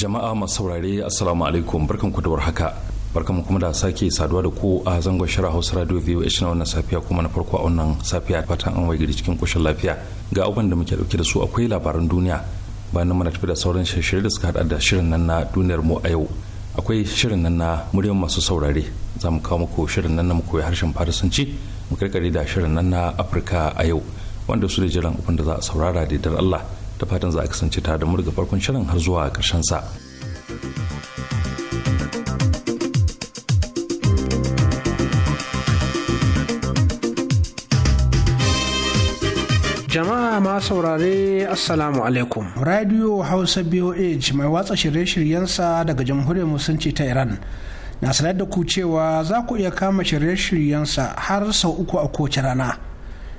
jama'a masu saurare assalamu alaikum barkan ku da haka barkan kuma da sake saduwa da ku a zangon shirar hausa radio shi na wannan safiya kuma na farko a wannan safiya fatan an waye cikin koshin lafiya ga abin da muke dauke da su akwai labaran duniya bayan mana tafi da sauran shirye da suka hada da shirin nan na duniyar mu a yau akwai shirin nan na muryar masu saurare za mu kawo muku shirin nan na mu koyi harshen farisanci mu karkare da shirin nan na afirka a yau wanda su da jiran abin da za a saurara da dar allah da fatan za a kasance tare da mu farkon shirin har zuwa karshen sa. Jama'a ma saurare Assalamu alaikum. Radio Hausa BOH mai watsa shirye-shiryensa daga Jamhuriyar Musulunci ta Iran. Na sanar da ku cewa za ku iya kama shirye-shiryensa har sau uku a kowace rana.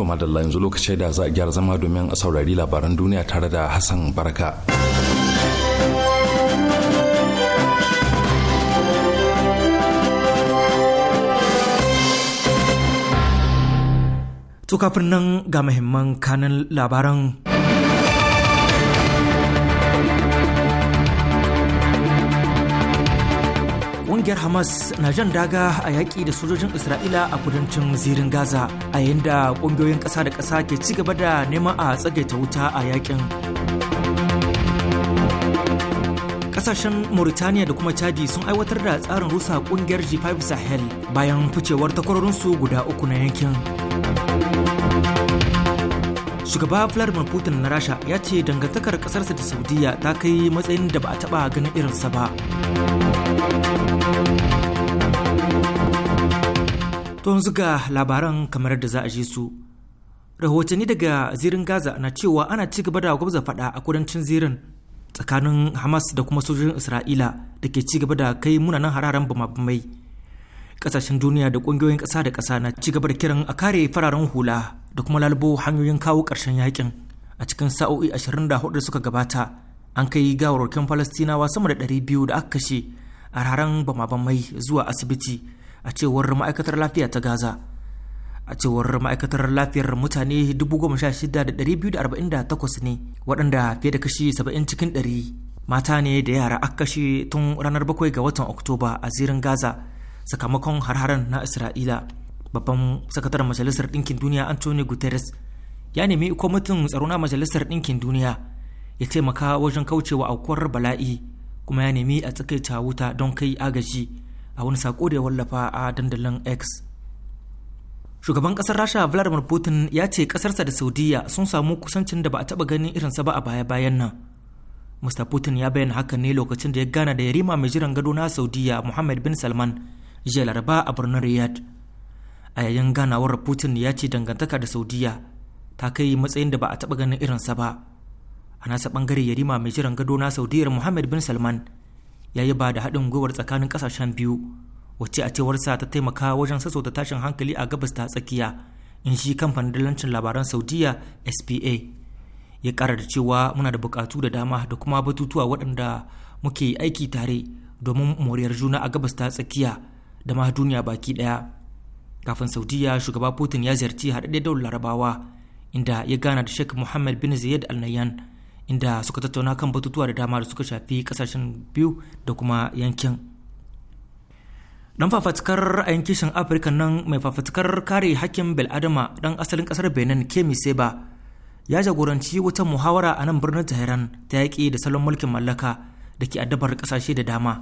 To madalla yanzu lokacin da za a gyara zama domin a saurari labaran duniya tare da Hassan baraka To kafin nan ga muhimman kanan labaran. Ƙungiyar Hamas na jan daga a yaƙi da sojojin Isra'ila a kudancin zirin Gaza a yayin da ƙungiyoyin ƙasa da ƙasa ke ci gaba da neman a tsagaita wuta a yaƙin. ƙasashen mauritaniya da kuma Chadi sun aiwatar da tsarin rusa ƙungiyar G5 Sahel bayan ficewar takwarorinsu guda uku na yankin. Shugaba Vladimir Putin na Rasha ya ce dangantakar ƙasarsa da Saudiya ta kai matsayin da ba a taɓa ganin irinsa ba. Don zuga labaran kamar da za a ji su. Rahotanni daga zirin Gaza na cewa ana ci gaba da gwamza fada a kudancin zirin tsakanin Hamas da kuma sojojin Isra'ila da ke ci gaba da kai munanan hararen bamabamai. Kasashen duniya da ƙungiyoyin ƙasa da kasa na ci gaba da kiran a kare fararen hula da kuma lalubo hanyoyin kawo karshen yakin a cikin sa'o'i 24 da hudu suka gabata an kai gawarwakin falastinawa sama da ɗari biyu da aka kashe a bama bamabamai zuwa asibiti a cewar ma'aikatar lafiya ta gaza a cewar ma'aikatar lafiyar mutane 16,248 ne waɗanda fiye da kashi 70 cikin 100 mata ne da yara aka kashe tun ranar 7 ga watan oktoba a zirin gaza sakamakon harharan na isra'ila babban sakataren majalisar ɗinkin duniya antonio guterres ya nemi kwamitin tsaro na majalisar ɗinkin duniya ya taimaka wajen kaucewa aukuwar bala'i kuma ya nemi a tsakaita wuta don kai agaji a wani sako da ya wallafa a dandalin x shugaban kasar rasha vladimir putin ya ce kasarsa da saudiya sun samu kusancin da ba a taba ganin irinsa ba a baya-bayan nan mr putin ya bayyana haka ne lokacin da ya gana da yarima mai jiran gado na saudiya muhammad bin salman jiya laraba a birnin riyad a yayin ganawar putin ya ce dangantaka da saudiya ta kai matsayin da ba a taba ganin irinsa ba a nasa bangare yarima mai jiran gado na saudiyar muhammad bin salman ya yi ba da haɗin gwiwar tsakanin ƙasashen biyu wacce a cewar sa ta taimaka wajen sassauta tashin hankali a gabas ta tsakiya in shi kamfanin dalancin labaran saudiya spa ya ƙara da cewa muna da buƙatu da dama da kuma batutuwa waɗanda muke aiki tare domin moriyar juna a gabas ta tsakiya da ma duniya baki ɗaya kafin saudiya shugaba putin ya ziyarci haɗaɗɗen daular larabawa inda ya gana da sheikh muhammad bin zayed al-nayyan inda suka tattauna kan batutuwa da dama da suka shafi kasashen biyu da kuma yankin dan fafatikar ra'ayin kishin afirka nan mai fafatukar kare hakkin bil'adama dan asalin kasar benin kemi seba ya jagoranci wata muhawara a nan birnin tehran ta yaƙi da salon mulkin mallaka da ke addabar kasashe da dama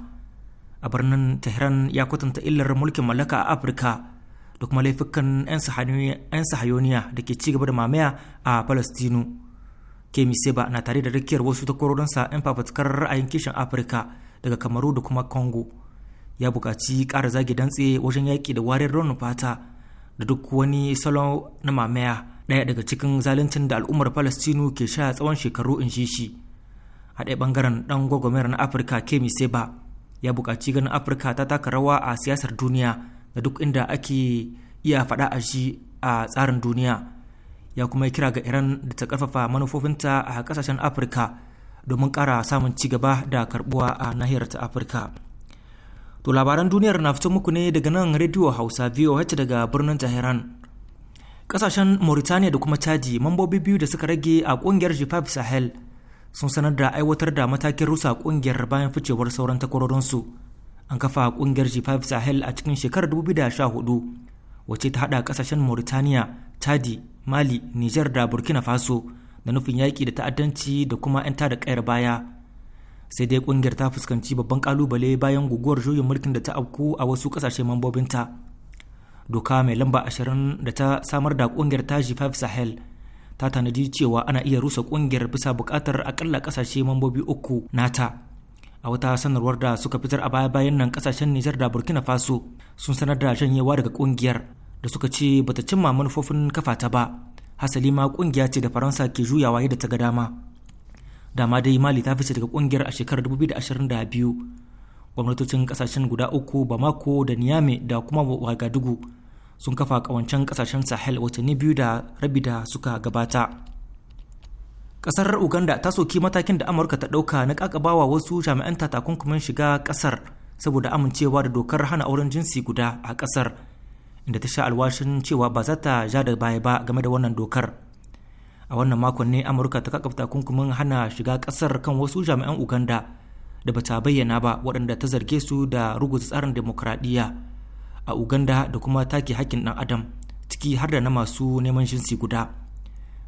a birnin tehran ya kwatanta illar mulkin mallaka a afirka da kuma laifukan 'yan sahayoniya da ke ci gaba da mamaya a palestinu kemi seba na tare da rikiyar wasu sa 'yan fafatikarar ra'ayin kishin afirka daga kamaru da kuma congo ya buƙaci ƙara zagi dantse wajen yaƙi da warin raunin fata da duk wani salon na mamaya ɗaya daga cikin zaluncin da al'ummar palestinu ke sha tsawon shekaru in shi shi a ɗaya ɓangaren ɗan gwagwamayar na afirka kemi seba ya buƙaci ganin afirka ta taka rawa a siyasar duniya da duk inda ake iya faɗa a shi a tsarin duniya ya kuma yi kira ga iran da ta karfafa manufofinta a kasashen afirka domin kara samun ci gaba da karbuwa a nahiyar ta afirka to labaran duniyar na fito muku ne daga nan rediyo hausa voh daga birnin tehran kasashen mauritania da kuma chadi mambobi biyu da suka rage a kungiyar jifaf sahel sun sanar da aiwatar da matakin rusa kungiyar bayan ficewar sauran takwarorinsu an kafa kungiyar g5 sahel a cikin shekarar 2014 wacce ta hada kasashen mauritania chadi mali nijar da burkina faso da nufin yaƙi da ta'addanci da kuma 'yan tada kayar baya sai dai ƙungiyar ta fuskanci babban ƙalubale bayan guguwar juyin mulkin da ta auku a wasu ƙasashe mambobinta doka mai lamba ashirin da ta samar da ƙungiyar ta g5 sahel ta tanadi cewa ana iya rusa ƙungiyar bisa buƙatar akalla ƙasashe mambobi uku nata a wata sanarwar da suka fitar a baya-bayan nan kasashen Nijar da Burkina Faso sun sanar da janyewa daga ƙungiyar. da suka ce bata cimma manufofin kafa ta ba hasali ma kungiya ce da faransa ke juyawa yadda ta ga dama dama dai mali ta fice daga kungiyar a shekarar 2022 gwamnatocin kasashen guda uku bamako da niamey da kuma wagadugu sun kafa kawancen kasashen sahel watanni biyu da rabi da suka gabata kasar uganda ta soki matakin da amurka ta dauka na kakabawa wasu jami'an takunkumin shiga kasar saboda amincewa da dokar hana auren jinsi guda a kasar inda ta sha alwashin cewa ba za ta ja da baya ba game da wannan dokar a wannan makon ne amurka ta kakafta kunkumin hana shiga kasar kan wasu jami'an uganda da bata bayyana ba waɗanda ta zarge su da ruguza tsarin demokradiyya a uganda da kuma take hakkin ɗan adam ciki har da na masu neman jinsi guda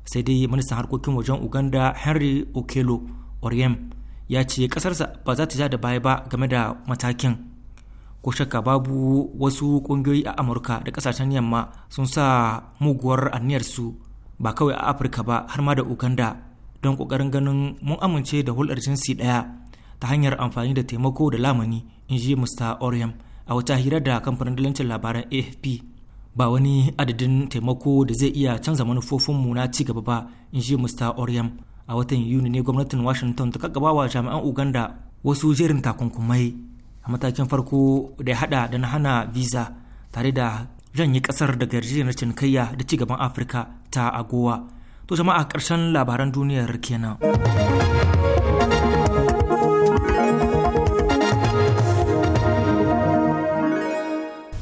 sai dai ministan harkokin wajen uganda henry okelo oryem ya ce kasarsa ba za ta ja da baya ba game da matakin ko shakka babu wasu kungiyoyi a amurka da kasashen yamma sun sa muguwar aniyarsu ba kawai a afirka ba har ma da uganda don kokarin ganin mun amince da hulɗar jinsi ɗaya ta hanyar amfani da taimako da lamani in ji mr oriam a wata hira da kamfanin dalancin labaran afp ba wani adadin taimako da zai iya canza manufofinmu na ci gaba ba in ji mr oriam a watan yuni ne gwamnatin washington ta wa jami'an uganda wasu jerin takunkumai a matakin farko da ya hada da na hana visa tare da janye kasar daga yarjejeniyar cinikayya da ci gaban afirka ta agowa to jama'a karshen labaran duniyar kenan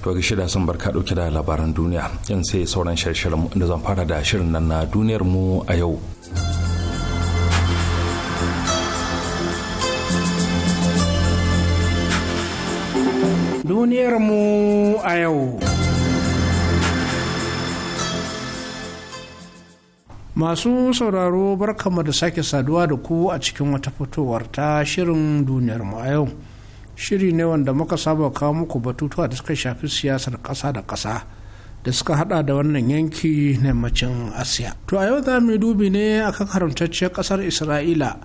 to ga shida sun barka dauke da labaran duniya yan sai sauran shirin da zan fara da shirin nan na duniyar mu a yau duniyar mu a yau. Masu sauraro barkamu da sake saduwa da ku a cikin wata fitowar ta shirin duniyarmu a yau. Shiri ne wanda muka saba kawo muku batutuwa da suka shafi siyasar ƙasa da ƙasa da suka hada da wannan yanki na yammacin Asiya. To a yau za mu dubi ne a kan haramtacciyar kasar Isra'ila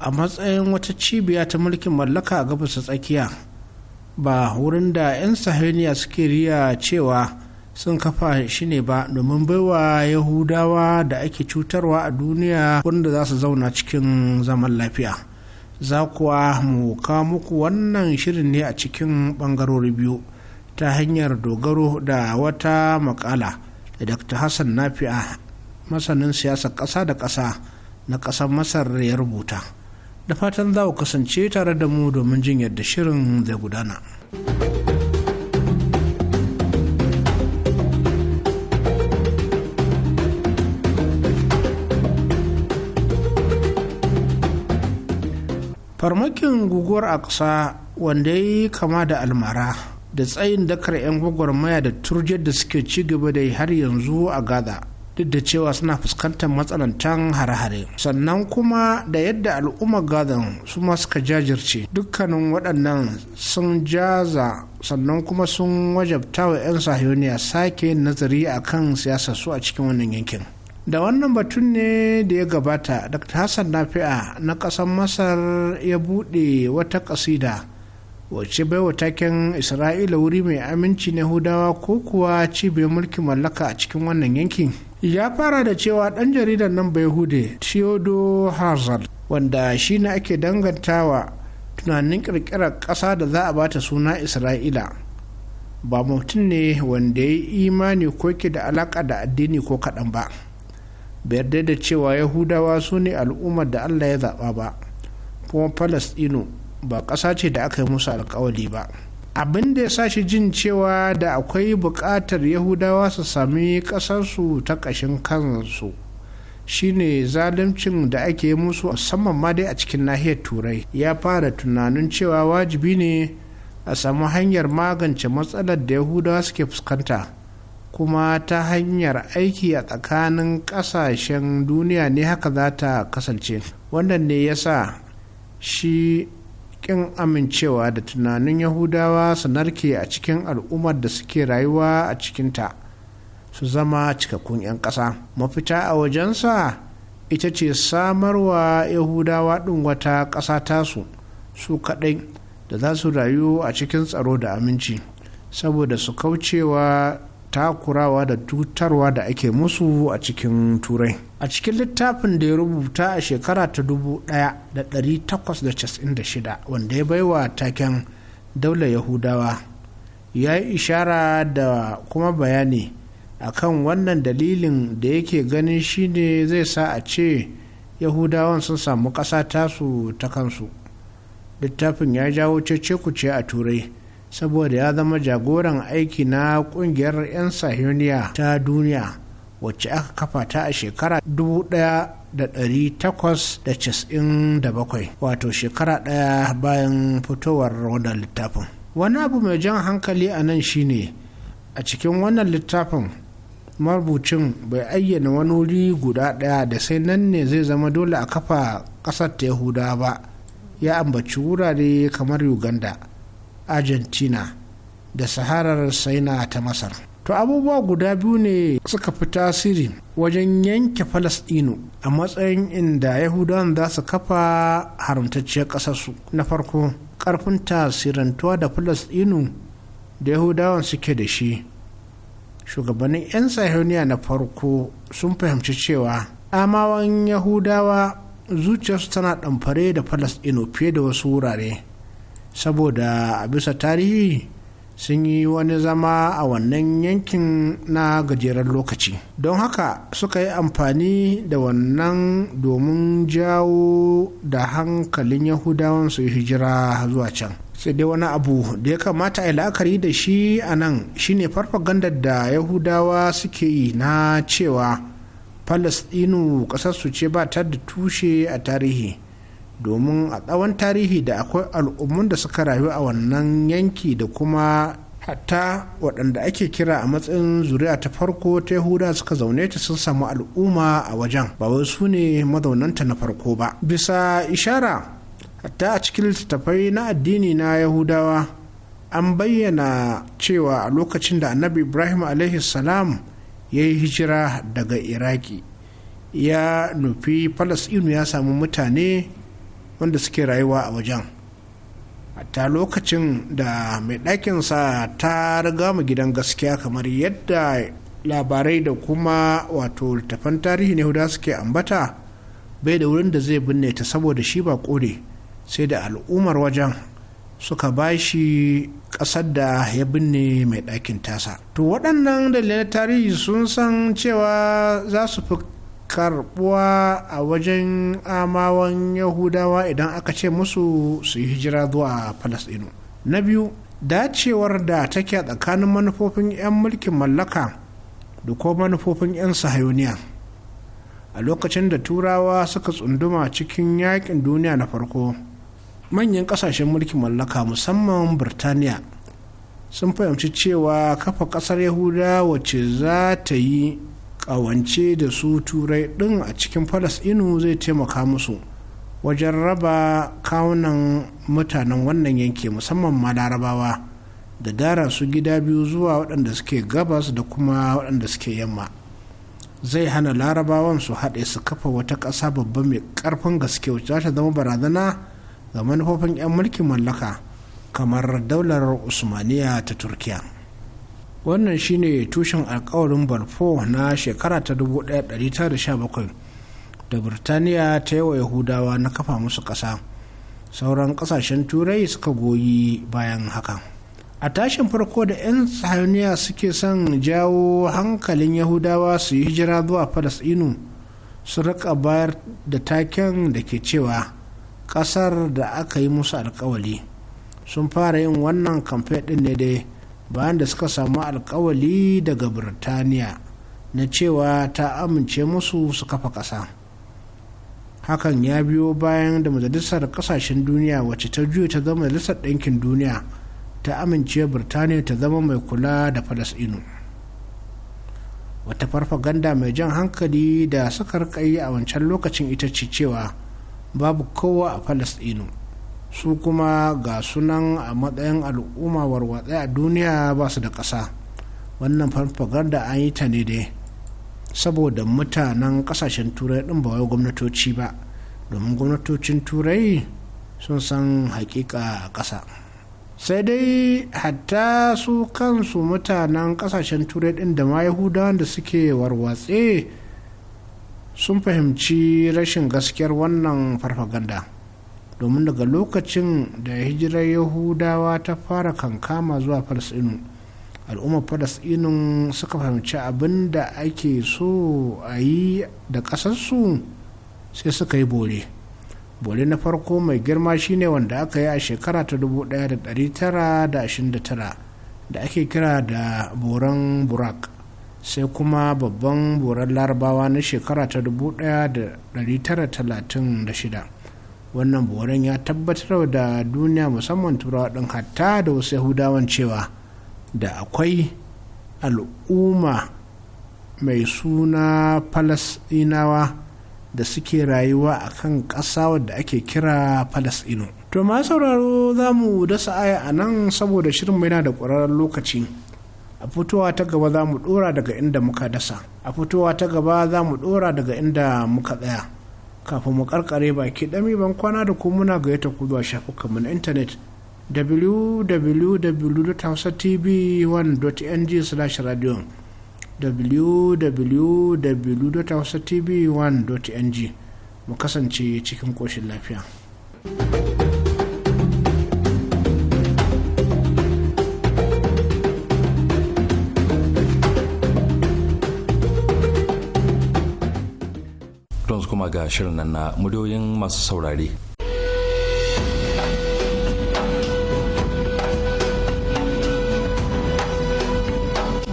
a matsayin wata cibiya ta mulkin mallaka a gabas tsakiya ba wurin da 'yan sahiniya suke riya cewa sun kafa shi ne ba domin baiwa yahudawa da ake cutarwa a duniya wanda za su zauna cikin zaman lafiya za kuwa mu kawo muku wannan shirin ne a cikin bangarori biyu ta hanyar dogaro da wata makala da dr hassan nafi'a masanin siyasar ƙasa da ƙasa na ƙasar masar ya rubuta. da fatan za ku kasance tare da mu domin jin yadda shirin zai gudana. farmakin guguwar aksa wanda ya yi kama da almara da tsayin dakar 'yan gwagwarmaya da turjar da suke ci gaba da har yanzu a gaza duk da cewa suna fuskantar matsanantan hare-hare sannan kuma da yadda al'ummar gadon su ma suka jajirce dukkanin waɗannan sun jaza sannan kuma sun wajabta wa 'yan sahiyoniya sake nazari a kan siyasar su a cikin wannan yankin da wannan batun ne da ya gabata dr hassan nafi'a na ƙasar masar ya buɗe wata ƙasida wacce baiwa taken isra'ila wuri mai aminci na hudawa ko kuwa cibiyar mulkin mallaka a cikin wannan yankin ya fara da cewa ɗan jaridan nan bai hude theodore hazard wanda shi ne ake dangantawa tunanin kirkirar ƙasa da za a bata suna isra'ila ba mutum ne wanda ya yi imani ko ke da alaƙa da addini ko kaɗan ba bai yarda da cewa yahudawa su ne al'ummar da allah ya zaɓa ba kuma falastinu ba ƙasa ce da aka yi musu alkawali ba abin da ya sa shi jin cewa da akwai buƙatar yahudawa su sami ƙasarsu ta ƙashin kansu shine zaluncin da ake musu musamman ma dai a cikin nahiyar turai ya fara tunanin cewa wajibi ne a samu hanyar magance matsalar da yahudawa suke fuskanta kuma ta hanyar aiki a tsakanin ƙasashen duniya ne haka za ta kasance wannan ne ya sa shi ƙin amincewa da tunanin yahudawa su narke a cikin al'ummar da suke rayuwa a cikinta su zama cikakkun 'yan ƙasa mafita a wajensa ita ce samarwa yahudawa ɗin wata ƙasa tasu su kaɗai da za su rayu a cikin tsaro da aminci saboda su kaucewa takurawa da tutarwa da ake musu a cikin turai a cikin littafin da ya rubuta a shekara ta 1896 wanda ya baiwa taken daular yahudawa ya yi ishara da kuma bayani akan wannan dalilin da yake ganin shine zai sa a ce yahudawan sun samu ƙasa tasu ta kansu littafin ya jawo cece ce a turai saboda ya zama jagoran aiki na kungiyar 'yan sahiyoniya ta duniya wacce aka kafa ta a shekara 1897 wato shekara ɗaya bayan fitowar wannan littafin wani abu mai jan hankali a nan shine a cikin wannan littafin marubucin bai ayyana wani wuri guda ɗaya da sai nan ne zai zama dole a kafa ƙasar ta yahuda ba ya ambaci wurare kamar uganda argentina da saharar saina ta masar to abubuwa guda biyu ne suka fi tasiri wajen yanke falasɗinu a matsayin inda yahudawan za su kafa haramtacciyar ƙasarsu na farko ƙarfin tasirantuwa da falasɗinu da yahudawan suke da shi shugabannin 'yan sahiyoniya na farko sun fahimci cewa amawan yahudawa zuciyarsu tana ɗamfare da falasɗinu fiye da wasu wurare saboda a bisa tarihi sun yi wani zama a wannan yankin na gajeren lokaci don haka suka yi amfani da wannan domin jawo da hankalin yahudawan su hijira zuwa can sai dai wani abu da ya kamata a yi la'akari da shi a nan shine farfagandar da yahudawa suke yi na cewa falasɗinu ƙasarsu ce ba ta da tushe a tarihi domin a tsawon tarihi da akwai al'ummun da suka rayu a wannan yanki da kuma hatta waɗanda ake kira a matsayin zuri'a ta farko ta yahuda suka zaune ta sun samu al'umma a wajen ba wai su ne mazaunanta na farko ba bisa ishara hatta a cikin littattafai na addini na yahudawa an bayyana cewa a lokacin da annabi ibrahim salam ya yi hijira daga iraki ya nufi falasɗinu ya samu mutane wanda suke rayuwa a wajen hatta lokacin da mai ɗakinsa ta riga mu gidan gaskiya kamar yadda labarai da kuma wato littafan tarihi ne suke ambata bai da wurin da zai binne ta saboda shi ba kore sai da al'ummar wajen suka ba shi ƙasar da ya binne mai ɗakin tasa to waɗannan dalilan tarihi sun san cewa za su fi karbuwa a wajen amawan yahudawa idan aka ce musu su yi hijira zuwa falasɗinu na biyu dacewar da take tsakanin manufofin 'yan mulkin mallaka da ko manufofin 'yan sahayoniya a lokacin da turawa suka tsunduma cikin yakin duniya na farko manyan kasashen mulkin mallaka musamman birtaniya sun fahimci cewa kafa kasar yahuda wacce za ta yi kawance da su turai ɗin a cikin falas inu zai taimaka musu wajen raba kawunan mutanen wannan yanki musamman ma larabawa da dara su gida biyu zuwa waɗanda suke gabas da kuma waɗanda suke yamma zai hana larabawan su haɗe su kafa wata ƙasa babba mai ƙarfin gaske wacce za ta zama barazana ga manufofin 'yan mulkin mallaka kamar daular usmaniya ta turkiya wannan shine tushen alkawarin balfour na shekara ta 1917 da birtaniya ta yi wa yahudawa na kafa musu ƙasa sauran kasashen turai suka goyi bayan haka. a tashin farko da 'yan tsayaniya suke son jawo hankalin yahudawa su yi hijira zuwa falasinu su rika bayar da taken da ke cewa ƙasar da aka yi musu alkawali sun fara yin wannan kamfe ɗin ne dai bayan da suka samu alkawali daga birtaniya na cewa ta amince musu su kafa ƙasa hakan ya biyo bayan da majalisar ƙasashen duniya wacce ta juya ta zama majalisar ɗinkin duniya ta amince birtaniya ta zama mai kula da falasɗinu wata farfaganda mai jan hankali da suka rikayi a wancan lokacin ita ce cewa babu kowa a falasɗinu su kuma ga sunan a matsayin al'umma warwatsai a duniya ba su da ƙasa wannan farfaganda an yi ta ne dai saboda mutanen ƙasashen turai ɗin ba wai gwamnatoci ba domin gwamnatocin turai sun san haƙiƙa a ƙasa sai dai hatta su kansu mutanen ƙasashen turai ɗin da ma yahudawan da suke warwatse sun fahimci rashin gaskiyar wannan farfaganda. domin daga lokacin da hijirar yahudawa ta fara kankama zuwa falasɗinu al'ummar falasɗinun suka fahimci abin da ake so a yi da ƙasarsu sai suka yi bore bore na farko mai girma shine wanda aka yi a shekara ta 1929 da ake kira da boran burak sai kuma babban boran larabawa na shekara ta 1936 wannan boren ya tabbatar da duniya musamman turawa ɗin hatta da wasu yahudawan cewa da akwai al'umma mai suna falasinawa da suke rayuwa a kan ƙasa wadda ake kira falasino to ma sauraro za mu dasa aya a nan saboda shirin mai na da ƙwararren lokaci a fitowa ta gaba za mu ɗora daga inda muka dasa a fitowa ta gaba za mu ɗora daga inda muka tsaya kafin mu karkare baki dami ban kwana da ku muna gayyata ku a shafukanmu na intanet www.hausatv1.ng/radio www.hausatv1.ng mu kasance cikin koshin lafiya. thank you ga shirin nan na muryoyin masu saurare.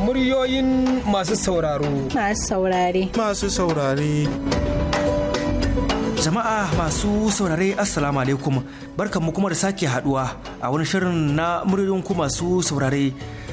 Muryoyin masu sauraro. Masu saurare. Masu saurare. Jama'a masu saurare Assalamu alaikum barkanmu kuma da sake haduwa a wani shirin na muryoyin ku masu saurare.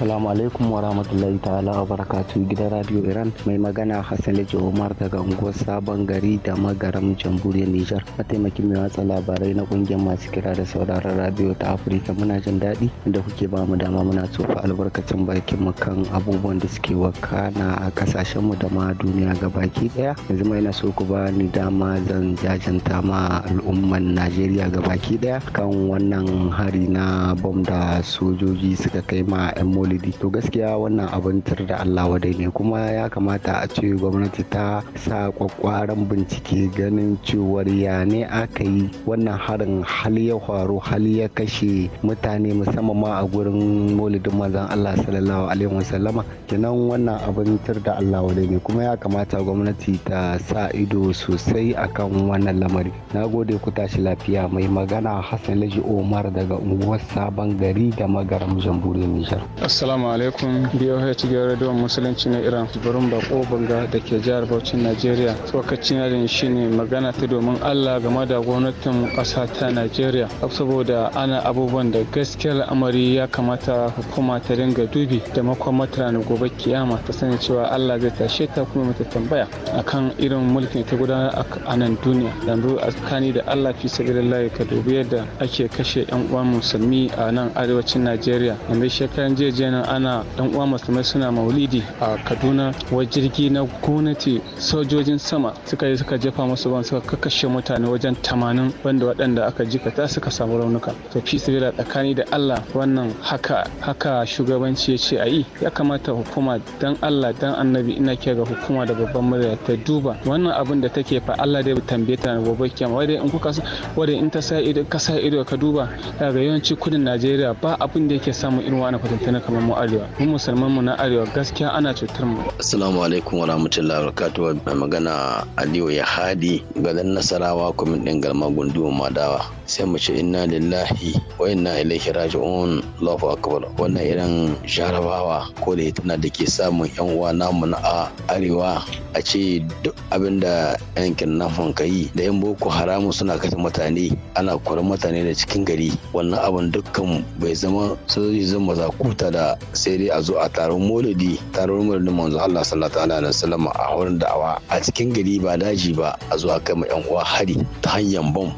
Salamu alaikum wa rahmatullahi ta'ala wa barakatu gidan Radio Iran mai magana Hassan Laji Omar daga unguwar Sabon Gari da Magaram Jamhuriyar Nijar. Mataimakin mai watsa labarai na kungiyar masu kira da sauraron radio ta Afirka muna jin daɗi da kuke ba mu dama muna tsofa albarkacin bakin mu kan abubuwan da suke wakana a kasashen mu da ma duniya ga baki ɗaya. Yanzu mai na so ku ba ni dama zan jajanta ma al'umman Najeriya ga baki ɗaya kan wannan hari na bom da sojoji suka kai ma 'yan maulidi to gaskiya wannan abin da allah wadai ne kuma ya kamata a ce gwamnati ta sa kwakwaran bincike ganin cewar ya ne aka yi wannan harin hali ya faru hali ya kashe mutane musamman ma a gurin maulidin manzon allah sallallahu alaihi wasallama kenan wannan abin da allah wadai ne kuma ya kamata gwamnati ta sa ido sosai akan wannan lamari na gode ku tashi lafiya mai magana hassan laji omar daga unguwar sabon gari da magaram jamhuriyar nijar assalamu alaikum BOH cikin radio musulunci na iran barin bako banga da ke jihar bauchi najeriya tsokacin shi ne magana ta domin allah game da gwamnatin kasa ta najeriya saboda ana abubuwan da gaskiyar amari ya kamata hukuma ta dinga dubi da makwamata na gobe kiyama ta sani cewa allah zai tashe ta kuma mata tambaya akan irin mulkin ta gudanar a nan duniya yanzu a tsakani da allah fi sabilillahi ka dubi yadda ake kashe yan uwan musulmi a nan arewacin najeriya yanzu shekaran jiya jiya ana dan uwa musulmai suna maulidi a kaduna wa jirgi na gwamnati sojojin sama suka yi suka jefa musu ban suka kakkashe mutane wajen tamanin wanda waɗanda aka jikata suka samu raunuka to fi tsibira tsakani da allah wannan haka haka shugabanci ya ce a yi ya kamata hukuma dan allah dan annabi ina ke ga hukuma da babban murya ta duba wannan abin da take fa allah dai tambaye ta gobe kiyama wadai in kuka wadai in ta sa ido ka sa ido ka duba daga yawanci kudin najeriya ba abin da yake samun irin wani kwatantana kuma mu arewa mu musulman mu na arewa gaskiya ana cutar mu assalamu alaikum wa rahmatullahi wa barakatuh mai magana aliyu ya hadi gadan nasarawa kuma din galma ma madawa sai mu ce inna lillahi wa inna ilaihi raji'un allahu akbar wannan irin jarabawa ko da tana da ke samun yan uwa namu na a arewa a ce duk abin da yankin nafan ka yi da yan boko haramu suna kashe mutane ana kora mutane da cikin gari wannan abin dukkan bai zama sojoji zama zakuta da da sai dai a zo a taron molidi taron maulidin manzo Allah sallallahu alaihi wasallam a wurin da'awa a cikin gari ba daji ba a zo a kai ma yan uwa hari ta hanyar bom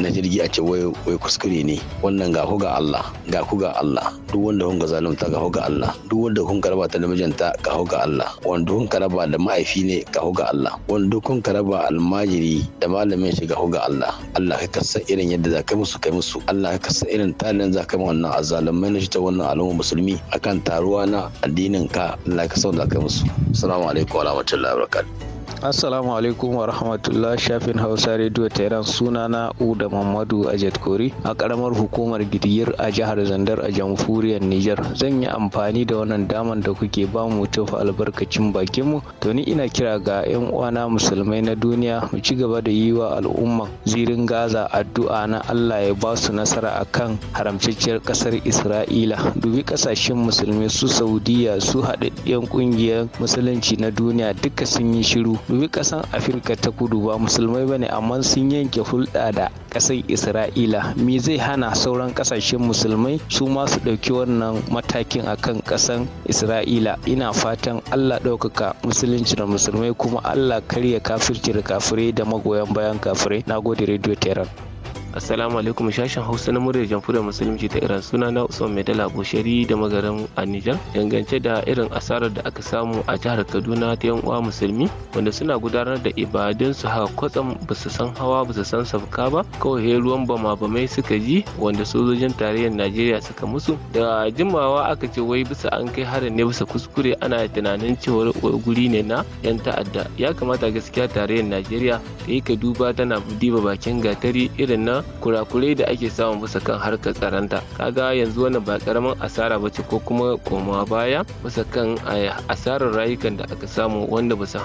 na jirgi a ce wai wai kuskure ne wannan ga ku ga Allah ga ku ga Allah duk wanda kun ga zalunta ga ku ga Allah duk wanda kun karaba ta namijinta ga ku ga Allah wanda kun karaba da ma'aifi ne ga ku ga Allah wanda kun karaba almajiri da malamin shi ga ku ga Allah Allah ka san irin yadda za ka musu kai musu Allah ka san irin talin za ka ma wannan azalumai na shi ta wannan al'umma musulmi ilimi akan taruwa na addinin ka Allah kasance da kai musu assalamu alaikum wa barakatuh Assalamu alaikum wa rahmatullah shafin Hausa Radio Tehran suna na Uda Mamadu Ajet Kori a karamar hukumar Gidiyar a jihar Zandar a jamhuriyar niger Zan yi amfani da wannan daman da kuke ba mu tufa albarkacin bakin mu. To ni ina kira ga yan uwana musulmai na duniya mu ci gaba da yi wa al'umma zirin Gaza addu'a na Allah ya ba su nasara akan haramcacciyar kasar Isra'ila. Dubi kasashen musulmai su Saudiya su haɗaɗɗen ƙungiyar musulunci na duniya duka sun yi shiru dubi kasan afirka ta kudu ba musulmai bane amma sun yanke hulɗa da ƙasar isra'ila me zai hana sauran ƙasashen musulmai su ma su ɗauki wannan matakin akan ƙasan isra'ila ina fatan allah ɗaukaka musulunci da musulmai kuma allah karya kafirci da kafirai da magoyan bayan kafirai gode radio tehran Assalamu alaikum shashin Hausa na muryar jamhuriyar musulunci ta Iran suna na Usman dala Bushari da magaran a Nijar dangance da irin asarar da aka samu a jihar Kaduna ta yan uwa musulmi wanda suna gudanar da ibadun su haka kwatsam ba su san hawa ba su san safka ba kawai ruwan bama bamai suka ji wanda sojojin tarayyar Najeriya suka musu da jimawa aka ce wai bisa an kai harin ne bisa kuskure ana tunanin cewar guri ne na yan ta'adda ya kamata gaskiya tarayyar Najeriya ta yi ka duba tana diba bakin gatari irin na kurakurai da ake samu bisa kan harkar tsaranta kaga yanzu wannan ba karamin asara ba ce ko kuma koma baya bisa kan eh, asarar rayukan da aka samu wanda ba su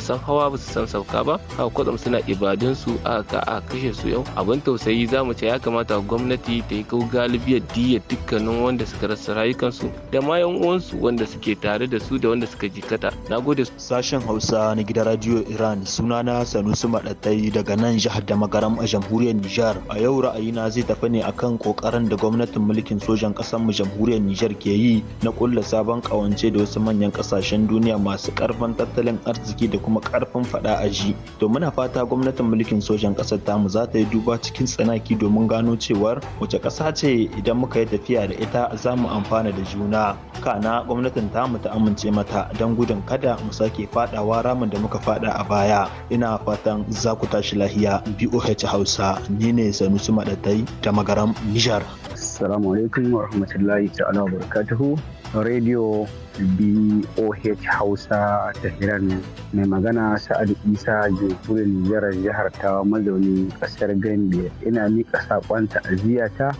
san hawa ba su san sauka ba haka kwatsam suna ibadun su aka a kashe su yau abin tausayi za mu ce ya kamata gwamnati ta yi kau galibiyar diya dukkanin wanda suka rasa rayukansu da ma yan uwansu wanda suke tare da su da wanda suka jikata na gode sashen hausa na gidan radio iran sunana sanusi maɗatai daga nan jihar da magaram a jamhuriyar nijar Nijar a yau ra'ayina zai tafi ne akan kokarin da gwamnatin mulkin sojan ƙasarmu mu jamhuriyar Nijar ke yi na kulla sabon ƙawance da wasu manyan ƙasashen duniya masu ƙarfin tattalin arziki da kuma ƙarfin faɗa a ji. To muna fata gwamnatin mulkin sojan ƙasar tamu za ta yi duba cikin tsanaki domin gano cewar wace ƙasa ce idan muka yi tafiya da ita za mu amfana da juna. Kana gwamnatin tamu ta amince mata don gudun kada mu sake faɗawa ramin da muka faɗa a baya. Ina fatan za ku tashi lahiya BOH Hausa ni ni ne su Madatai ta magaram Nijar. salamu alaikum wa rahmatullahi ta'ala wa barakatuhu. Radio BOH Hausa ta iran mai magana Sa'ad Isa Jamhuriyar Nijar jihar ta mazauni kasar Gambia. Ina miƙa saƙon ta'aziyata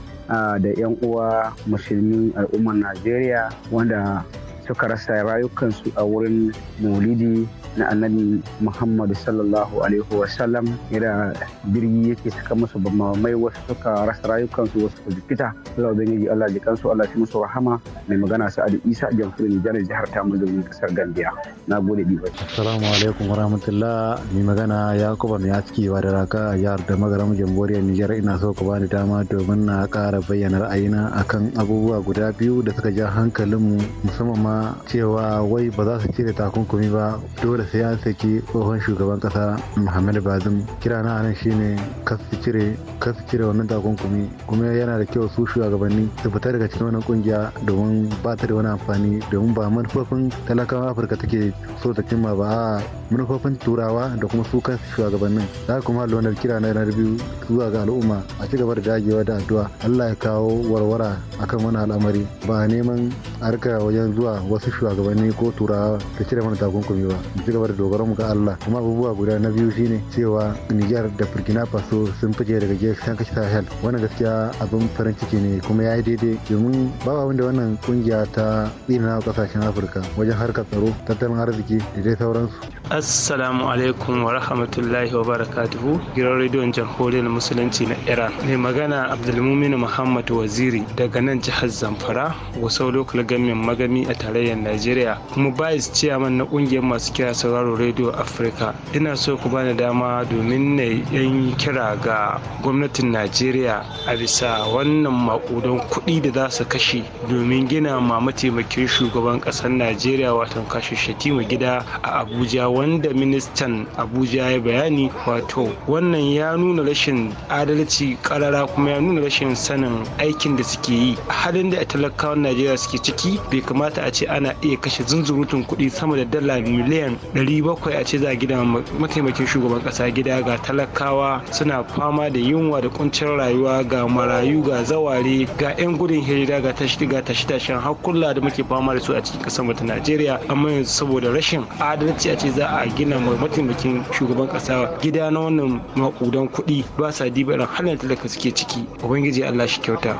da 'yan uwa musulmin al'ummar Najeriya wanda suka rasa rayukansu a wurin maulidi na annabi muhammadu sallallahu alaihi wasallam ira birgi yake saka musu mai wasu suka rasa rayukansu wasu suka jikita Allah ji, Allah su Allah shi musu rahama mai magana Ali isa jamhuriyar nijar jihar mu da kasar gambia na gode bi assalamu alaikum warahmatullah mai magana yakuba mai aski wa da raka jihar da magaram jamhuriyar nijar ina so ku bani dama domin na kara bayyana ra'ayina akan abubuwa guda biyu da suka ja hankalinmu musamman ma cewa wai ba za su cire takunkumi ba dole da sai an saki tsohon shugaban kasa muhammadu bazum kira na anan shine kasu cire kasu cire wannan takunkumi kuma yana da kyau su shugabanni su fita daga cikin wannan kungiya domin ba ta da wani amfani domin ba manufofin talakawan afirka take so ta cimma ba a manufofin turawa da kuma su kansu shugabannin za kuma lona kira na yanar biyu zuwa ga al'umma a ci gaba da dagewa da addu'a allah ya kawo warwara akan wani al'amari ba neman harka wajen zuwa wasu shugabanni ko turawa ta cire mana takunkumi ba ci gaba da dogaron ga Allah kuma abubuwa guda na biyu shine cewa Niger da Burkina Faso sun fice daga gefen kashi Sahel wannan gaskiya abin farin ciki ne kuma ya yi daidai domin ba abin da wannan kungiya ta tsina kasashen Afirka wajen harkar tsaro tattalin arziki da dai sauransu. Assalamu alaikum wa rahmatullahi wa barakatuhu gidan rediyon jamhuriyar musulunci na Iran mai magana Abdulmumin Muhammad Waziri daga nan jihar Zamfara wasau lokal gamin magami a tarayyar Najeriya kuma bayis ciyaman na kungiyar masu kira sauraro radio africa ina so ku bani dama domin na yan kira ga gwamnatin najeriya a bisa wannan makudan kuɗi da za su kashe domin gina ma mataimakin shugaban ƙasar najeriya watan kashe shatima gida a abuja wanda ministan abuja ya bayani wato wannan ya nuna rashin adalci karara kuma ya nuna rashin sanin aikin da suke yi halin da talakawan najeriya suke ciki bai kamata a ce ana iya kashe zunzurutun kuɗi sama da dala miliyan 700 a ce za gida mataimakin shugaban kasa gida ga talakawa suna fama da yunwa da kuncin rayuwa ga marayu ga zaware ga 'yan gudun hijira ga tashi ga da muke fama da su a cikin kasar mu Najeriya amma yanzu saboda rashin adalci a ce za a gina mataimakin shugaban kasa gida na wannan makudan kuɗi ba sa diba irin halin talaka suke ciki ubangiji Allah shi kyauta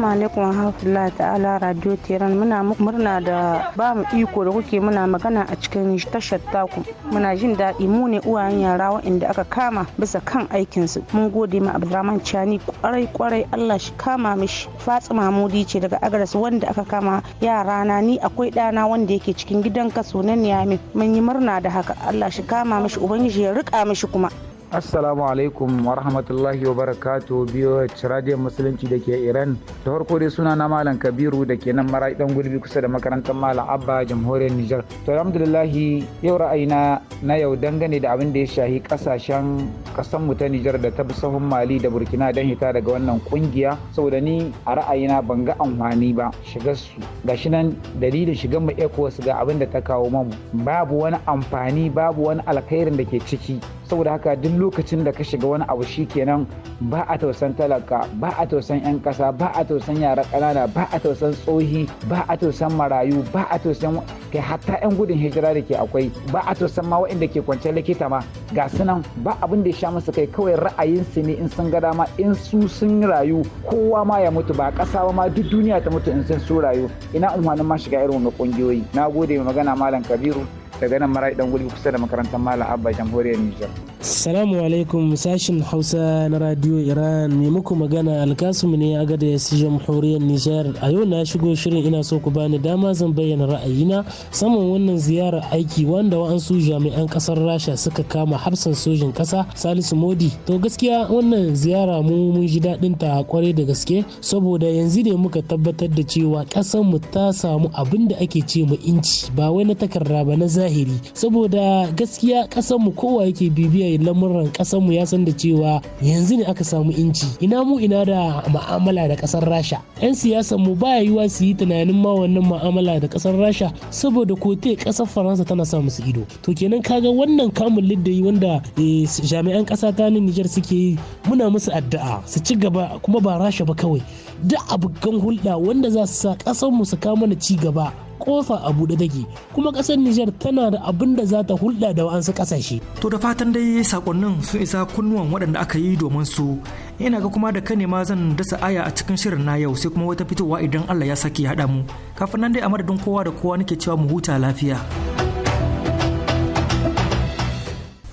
Assalamu alaikum wa rahmatullahi ta'ala Radio Tehran muna murna da ba mu iko da kuke muna magana a cikin tashar taku. Muna jin daɗi mu ne uwayen yara waɗanda aka kama bisa kan aikin su. Mun gode ma Abdulrahman Chani kwarai kwarai Allah shi kama mishi. Fatima Mudi ce daga Agaras wanda aka kama yara na ni akwai ɗana wanda yake cikin gidan kaso na Niamey. Mun yi murna da haka Allah shi kama mishi Ubangiji ya rika mishi kuma. assalamu alaikum wa rahmatullahi wa barakatu biyo radio musulunci da ke iran da farko dai suna na malam kabiru da ke nan marayi dan gulbi kusa da makarantar malam abba jamhuriyar nijar to alhamdulillahi yau ra'ayina na yau dangane da abin da ya shahi kasashen kasan mu ta nijar da ta sahun mali da burkina dan hita daga wannan kungiya saboda ni a ra'ayina ban ga amfani ba shigar su gashi nan dalilin shigar mu ecowas ga abin da ta kawo mamu babu wani amfani babu wani alkhairin da ke ciki saboda haka duk lokacin da ka shiga wani abu shi kenan ba a tausan talaka ba a tausan 'yan kasa ba a tausan yara kanana ba a tausan tsohi ba a tausan marayu ba a tausan kai hatta 'yan gudun hijira da ke akwai ba a tausan ma waɗanda ke kwanciyar likita ma ga su nan ba abin da ya sha musu kai kawai ra'ayinsu ne in sun ga dama in su sun rayu kowa ma ya mutu ba kasa ba ma duk duniya ta mutu in sun su rayu ina umarnin ma shiga irin wani kungiyoyi na gode magana malam kabiru daga nan marayi dan gudu kusa da makarantar malam abba jamhuriyar nijar salamu alaikum sashin hausa na radio iran mai muku magana alkasum ne a gada yasi jamhuriyar nijar a yau na shigo shirin ina so ku bani dama zan bayyana ra'ayina saman wannan ziyarar aiki wanda wa'ansu jami'an kasar rasha suka kama hafsan sojin kasa salisu modi to gaskiya wannan ziyara mu mun ji daɗin ta kwarai da gaske saboda yanzu ne muka tabbatar da cewa ƙasar mu ta samu abin da ake ce mu inci ba wai na takarda ba na zahiri zahiri saboda gaskiya mu kowa yake bibiya lamuran mu ya san da cewa yanzu ne aka samu inci ina mu ina da ma'amala da kasar rasha yan siyasan mu baya yiwa su yi tunanin ma wannan ma'amala da kasar rasha saboda kote kasar faransa tana sa musu ido to kenan kaga wannan kamun liddayi wanda eh, jami'an kasa ta nijar suke yi muna musu addu'a su ci gaba kuma ba rasha ba kawai duk abokan hulɗa wanda za su sa ƙasar mu su kama mana ci gaba kofa a buɗe take kuma ƙasar Nijar tana da abin da za ta hulɗa da wa'ansu ƙasashe. To da fatan dai sakonnin sun isa kunnuwan waɗanda aka yi domin su ina ga kuma da kane ma zan dasa aya a cikin shirin na yau sai kuma wata fitowa idan Allah ya saki haɗa mu kafin nan dai a madadin kowa da kowa nake cewa mu huta lafiya.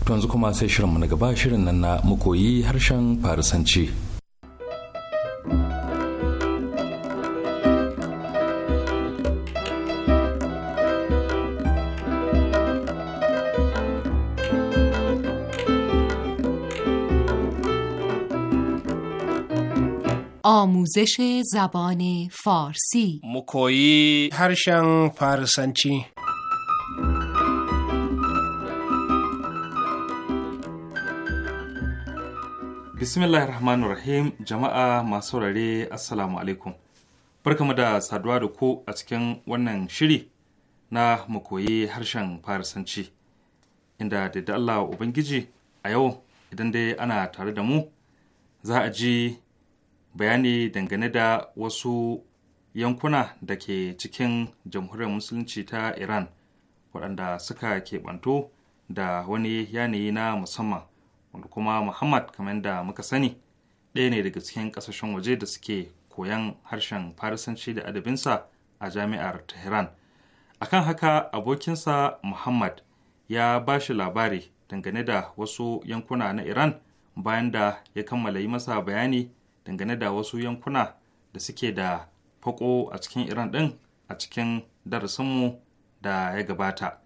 To yanzu kuma sai shirinmu na gaba shirin nan na mu koyi harshen Farisanci. آموزش زبان فارسی مکویی هرشن فارسنچی bismillah rahman rahim jama'a masu saurare assalamu alaikum barkamu da saduwa da ku a cikin wannan shiri na mu koyi harshen farisanci inda da Allah ubangiji a yau idan dai ana tare da mu za a ji bayani dangane da wasu yankuna da ke cikin jamhuriyar musulunci ta iran waɗanda suka keɓanto da wani yanayi na musamman wanda kuma muhammad kamar da muka sani ɗaya ne daga cikin ƙasashen waje da suke koyan harshen farisanci da adabinsa a jami'ar tehran akan haka abokinsa muhammad ya ba shi labari dangane da wasu yankuna na iran bayan da ya kammala yi masa bayani dangane da wasu yankuna da suke da fako a cikin iran ɗin a cikin darasinmu da ya gabata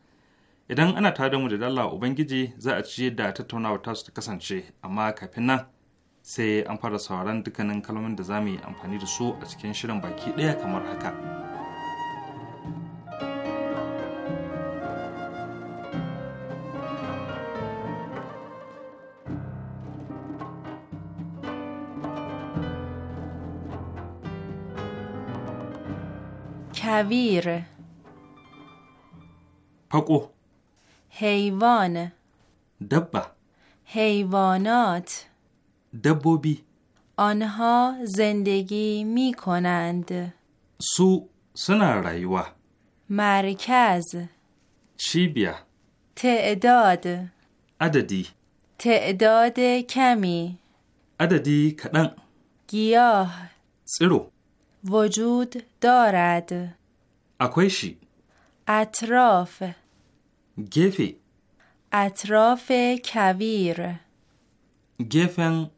idan ana tare mu da dala ubangiji za a ci da tattaunawa tasu ta kasance amma kafin nan sai an fara sauran dukkanin kalmomin da za mu yi amfani da su a cikin shirin baki ɗaya kamar haka. کویر پکو حیوان دبه حیوانات دبوبی آنها زندگی می کنند سو سنا مرکز تعداد، عددی، تعداد عددی تعداد کمی عددی کدن گیاه سرو وجود دارد اکویشی اطراف گفی اطراف کویر گفن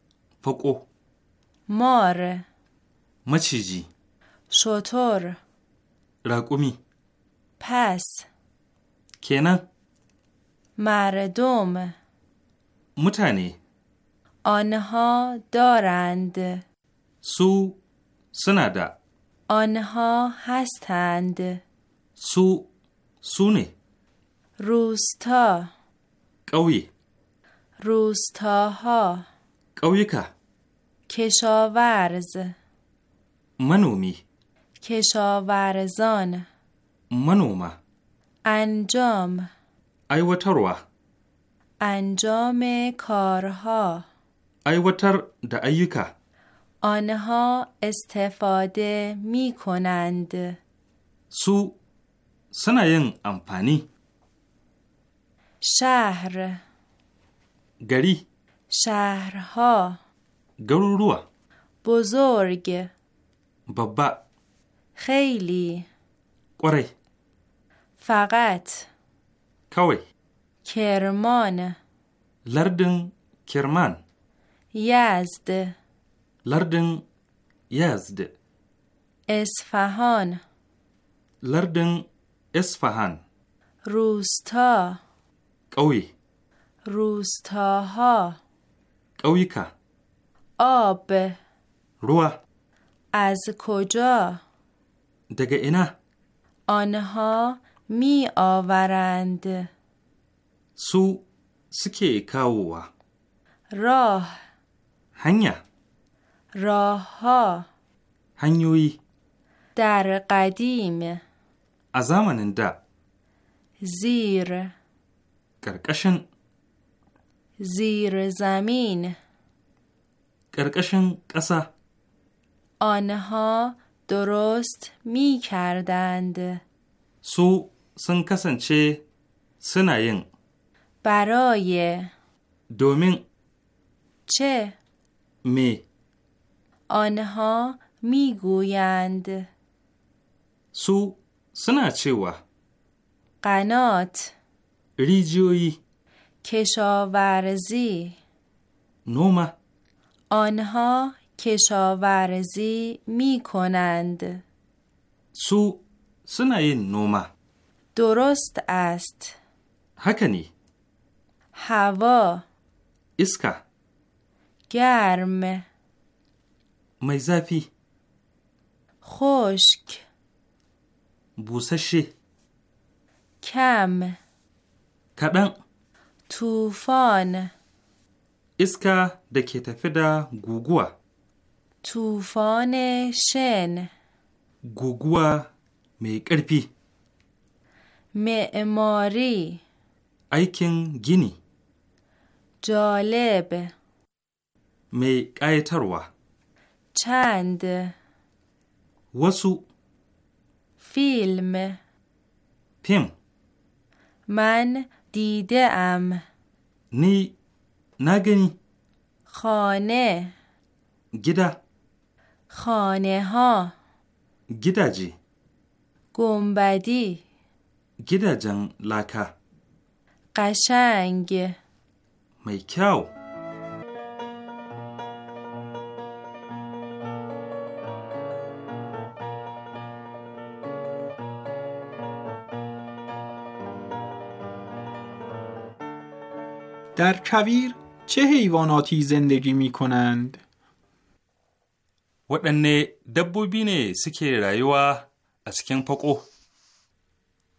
فکو مار مچیجی شطور راقومی پس کنا مردم متنی آنها دارند سو سنادا. آنها هستند سو سونه روستا قوی روستاها قویکا کشاورز منومی کشاورزان منوما انجام ایوتروا انجام کارها ایوتر دا آنها استفاده می کنند سو سناین امپانی شهر گری شهرها گرورو بزرگ بابا خیلی قره فقط کوی کرمان لردن کرمان یزد lardin Yazd. Esfahan. Lardin Esfahan. Rusta. Ƙauye. Rustaha. Ƙauyuka. Ob. Ruwa. Az Daga ina? Anha mi avarand. Su suke kawowa. Rah. Hanya. راه هنیوی در قدیم از دا زیر کرکشن زیر زمین کرکشن قصا آنها درست می کردند سو سن کسن چه سنایین برای دومین چه می آنها میگویند سو سنا چوا قنات ریجوی. کشاورزی نوما آنها کشاورزی می کنند سو سنای نوما درست است هکنی هوا اسکا گرم Mai zafi. Horses. Busashe. Kyam. Kaɗan. Tufa Iska da ke tafi da guguwa. Tufa ne Guguwa mai ƙarfi. Memori. Aikin gini. Jolebe. Mai ƙayatarwa. چند وسو فیلم پیم من ام نی نگنی خانه گیده خانه ها گمبدی گدا جنگ لکه قشنگ میکاو در کویر چه حیواناتی زندگی می کنند؟ waɗanne دبوبی نه سکی رایوا از کن پاکو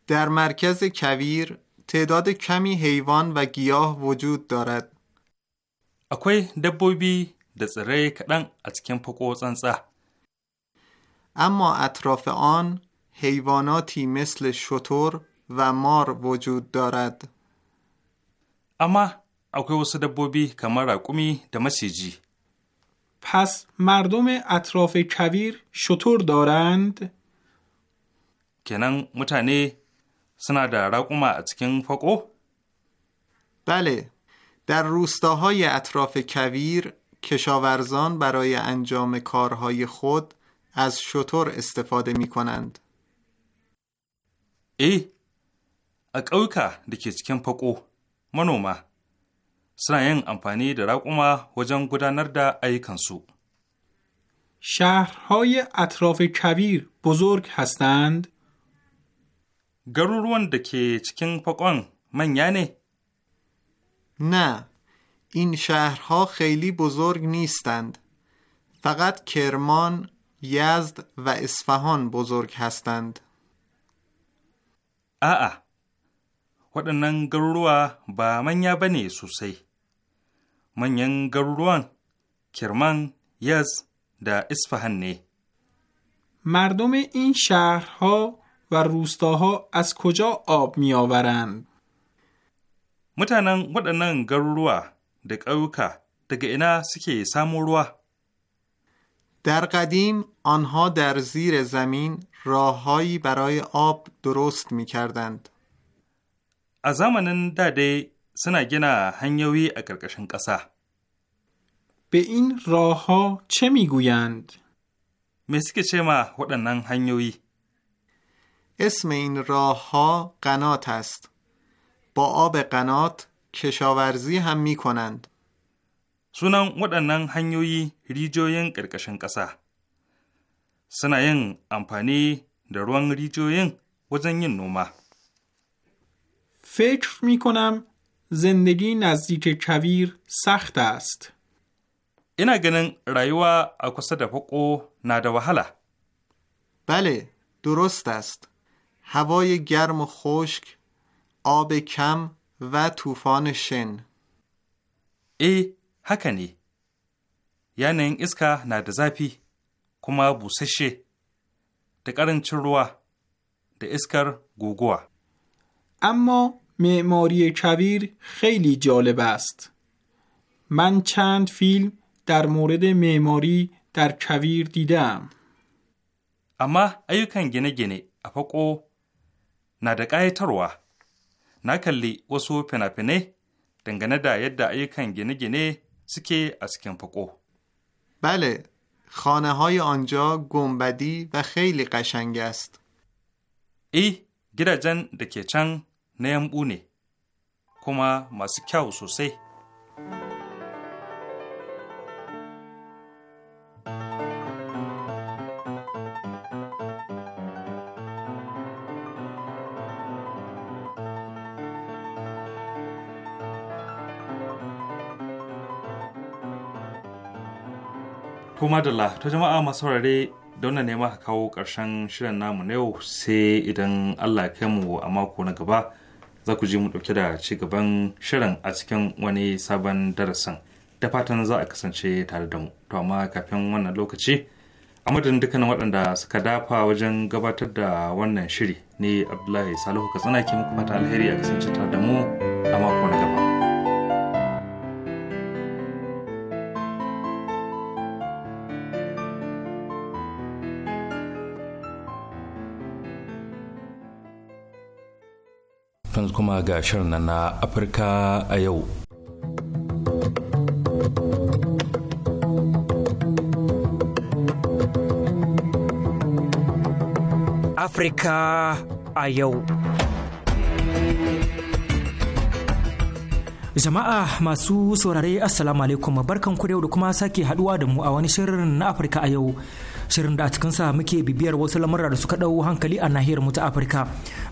در مرکز کویر تعداد کمی حیوان و گیاه وجود دارد. اکوی دبوبی da سره kaɗan a cikin faƙo اما اطراف آن حیواناتی مثل شتر و مار وجود دارد. اما akwai wasu dabbobi kamar raƙumi da maciji. پس مردم اطراف کویر شطور دارند؟ کنن متنه سنا در رقم اتکن فقو؟ بله در روستاهای اطراف کویر کشاورزان برای انجام کارهای خود از شطور استفاده می کنند ای اکاوکا دکی چکن فقو منومه. suna yin amfani da raƙuma wajen gudanar da ayyukansu. شهرهای اطراف کویر بزرگ هستند؟ گرورون دکی چکین پاکان من یعنی؟ نه این شهرها خیلی بزرگ نیستند فقط کرمان، یزد و اصفهان بزرگ هستند آه, آه. waɗannan garuruwa با manya manyan garuruwan کرمان، یزد و اصفهان نه. مردم این شهرها و روستاها از کجا آب می آورند؟ متنان waɗannan garuruwa da ƙauyuka daga ina suke samo در قدیم آنها در زیر زمین راههایی برای آب درست می کردند. از زمان داده سنا گنا هنگوی اکرکشن قسا به این راه ها چه میگویند؟ که چه ما ودنن هنگوی اسم این راه ها قنات است با آب قنات کشاورزی هم می کنند سونن ودنن هنگوی ریجوین کرکشن قسا سنا ین امپانی در روان ریجوین وزن yin نومه. فکر می کنم زندگی نزدیک کویر سخت است. اینا گنن رایوا اکوسه ده فقو ناده وحله. بله، درست است. هوای گرم و خشک، آب کم و طوفان شن. ای هکنی. یعنی اسکا ناده زفی کما بوسشه. ده قرنچن روا ده اسکر گوگوا. اما معماری کویر خیلی جالب است. من چند فیلم در مورد معماری در کویر دیدم. اما ایوکن گنه گنه افاقو ندقای تروا نکلی وسو پناپنه دنگنه دا ید ایوکن گنه گنه سکه از کنفقو بله خانه های آنجا گمبدی و خیلی قشنگ است ای گیرجن دکه چنگ na yambu ne kuma masu kyau sosai To ta jama'a masu saurare don ne ma kawo ƙarshen shirin namu na yau sai idan Allah ya kai mu a mako na gaba za ku ji mu ɗauke da ci gaban shirin a cikin wani sabon darasin da fatan za a kasance tare da mu to amma kafin wannan lokaci a madadin dukkanin waɗanda suka dafa wajen gabatar da wannan shiri ne abdullahi salihu katsina ke muku mata alheri a kasance tare da mu ga shirin na Afirka a yau. Afirka a yau. Jama'a masu saurare Assalamu alaikum barkan ku da kuma sake haduwa da mu a wani shirin na Afirka a yau. Shirin da a cikinsa muke bibiyar wasu lamurra da suka ɗau hankali a nahiyar mu ta Afirka.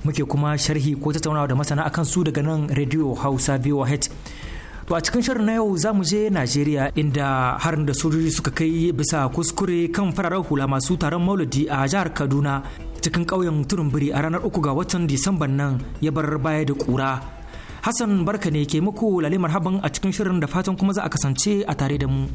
muke kuma sharhi ko tattaunawa da masana akan su daga nan radio hausa voh To a cikin shirin na yau za mu je Najeriya inda harin da sojoji suka kai bisa kuskure kan fararen hula masu taron maulidi a jihar Kaduna cikin ƙauyen Turumburi a ranar uku ga watan Disamban nan ya bar baya da ƙura. Hassan barka ne ke muku lalimar haban a cikin shirin da fatan kuma za a kasance a tare da mu.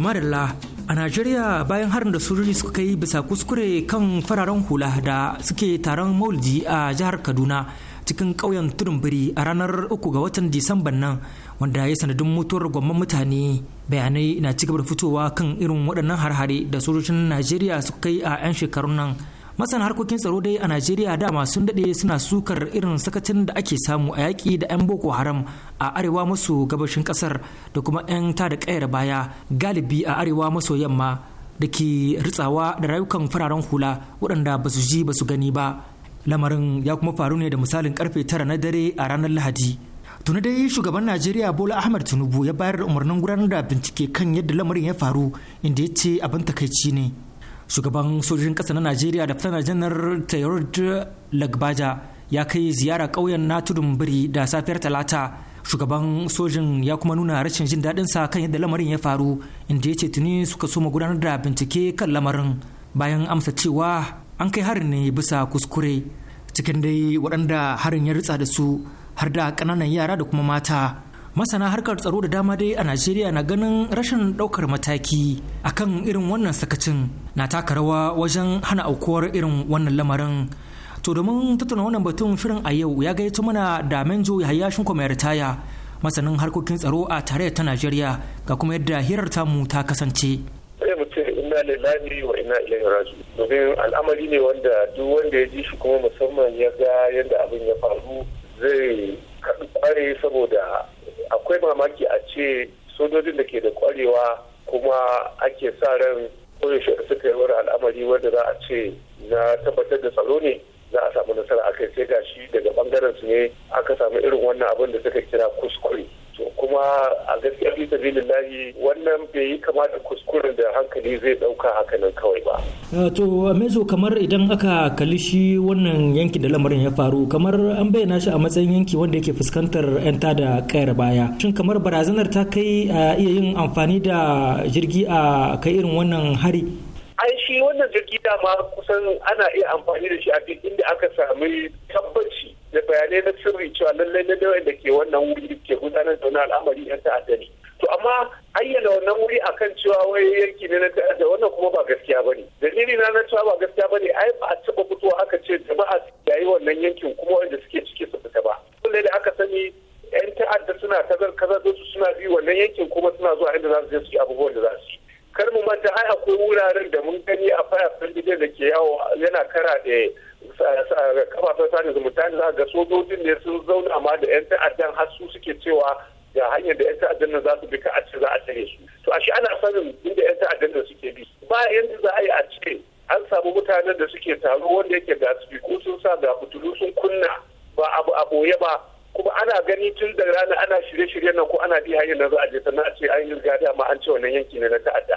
madalla a Najeriya bayan harin da sojoji suka kai bisa kuskure kan fararen hula da suke taron maulidi a jihar Kaduna cikin ƙauyen Turumbiri a ranar uku ga watan Disamban nan wanda ya sanadin mutuwar gwamman mutane bayanai na cigaba da fitowa kan irin waɗannan harhare da sojojin Najeriya suka kai a 'yan shekarun nan. masana harkokin tsaro dai a najeriya dama sun daɗe suna sukar irin sakacin da ake samu a yaƙi da 'yan boko haram a arewa maso gabashin ƙasar da kuma 'yan tada kayar baya galibi a arewa maso yamma da ke ritsawa da rayukan fararen hula waɗanda ba su ji ba su gani ba lamarin ya kuma faru ne da misalin karfe tara na dare a ranar lahadi tuni dai shugaban najeriya bola ahmed tinubu ya bayar da umarnin gudanar da bincike kan yadda lamarin ya faru inda ya ce abin takaici ne shugaban sojojin ƙasa na najeriya da fitanar janar tayyar lagbaja ya kai ziyara ƙauyen na tudun biri da safiyar talata shugaban sojin ya kuma nuna rashin jin daɗin sa kan yadda lamarin ya faru inda ya ce tuni suka soma gudanar da bincike kan lamarin bayan amsa cewa an kai harin ne bisa kuskure cikin dai waɗanda harin ya ritsa da su har da ƙananan yara da kuma mata masana harkar tsaro da dama dai a najeriya na ganin rashin ɗaukar mataki akan irin wannan sakacin na taka rawa wajen hana aukuwar irin wannan lamarin to domin tattauna wannan batun shirin a yau ya gaito mana da menjo yahaya shinko mai ritaya masanin harkokin tsaro a tarayyar ta najeriya ga kuma yadda hirar tamu ta kasance sai mu ce inna lillahi wa inna ilaihi raji'un domin al'amari ne wanda duk wanda ya ji shi kuma musamman ya ga yadda abin ya faru zai kaɗu kware saboda akwai mamaki a ce sojojin da ke da kwarewa kuma ake sa ran koyaushe da suka yi wani al'amari wanda za a ce na tabbatar da tsaro ne za a samu nasara a kai sai gashi daga bangaren su ne aka samu irin wannan abin da suka kira kuskure kuma a gaskiya fi sabilillahi wannan bai yi kama da kuskuren da hankali zai dauka hakanan kawai ba ah, to mezo kamar idan aka kalli shi wannan yanki da lamarin ya faru kamar an bayyana shi a matsayin yanki wanda yake fuskantar 'yan da kayar baya shin kamar barazanar ta kai a iya yin amfani da jirgi a kai irin wannan hari ai shi wannan jirgi dama kusan ana iya amfani da shi a duk inda aka sami tabbacin da bayanai na sirri cewa lallai lallai wanda ke wannan wuri ke gudanar da wani al'amari yan ta'adda ne to amma ayyana wannan wuri akan cewa wai yanki ne na ta'adda wannan kuma ba gaskiya ba ne dalili na na cewa ba gaskiya ba ne ai ba a taɓa fitowa aka ce jama'a yi wannan yankin kuma wanda suke ciki su fita ba dole da aka sani yan ta'adda suna kazar kazar su suna bi wannan yankin kuma suna zuwa inda za su je su yi abubuwan da za su yi kar mu manta ai akwai wuraren da mun gani a fayafin gidan da ke yawo yana kara da kafafen sada zumunta ne za ga sojojin ne sun zauna amma da 'yan ta'addan har su suke cewa ga hanyar da 'yan ta'addan nan za su bi ka a ce za a tare su to shi ana sanin inda 'yan ta'addan da suke bi ba yanda za a yi a ce an samu mutanen da suke taro wanda yake ga ko sun sa ga fitulu sun kunna ba abu a boye ba kuma ana gani tun da rana ana shirye-shirye nan ko ana bi hanyar da za a je sannan a ce an yi riga amma an ce wannan yanki ne na ta'adda